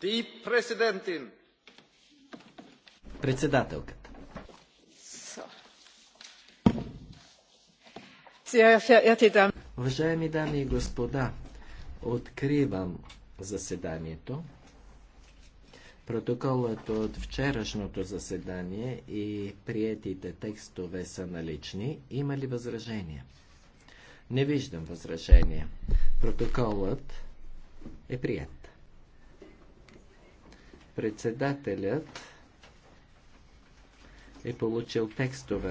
Ти президентин. Председателката. Уважаеми дами и господа, откривам заседанието. Протоколът от вчерашното заседание и приетите текстове са налични. Има ли възражения? Не виждам възражения. Протоколът е прият. Председателят е получил текстове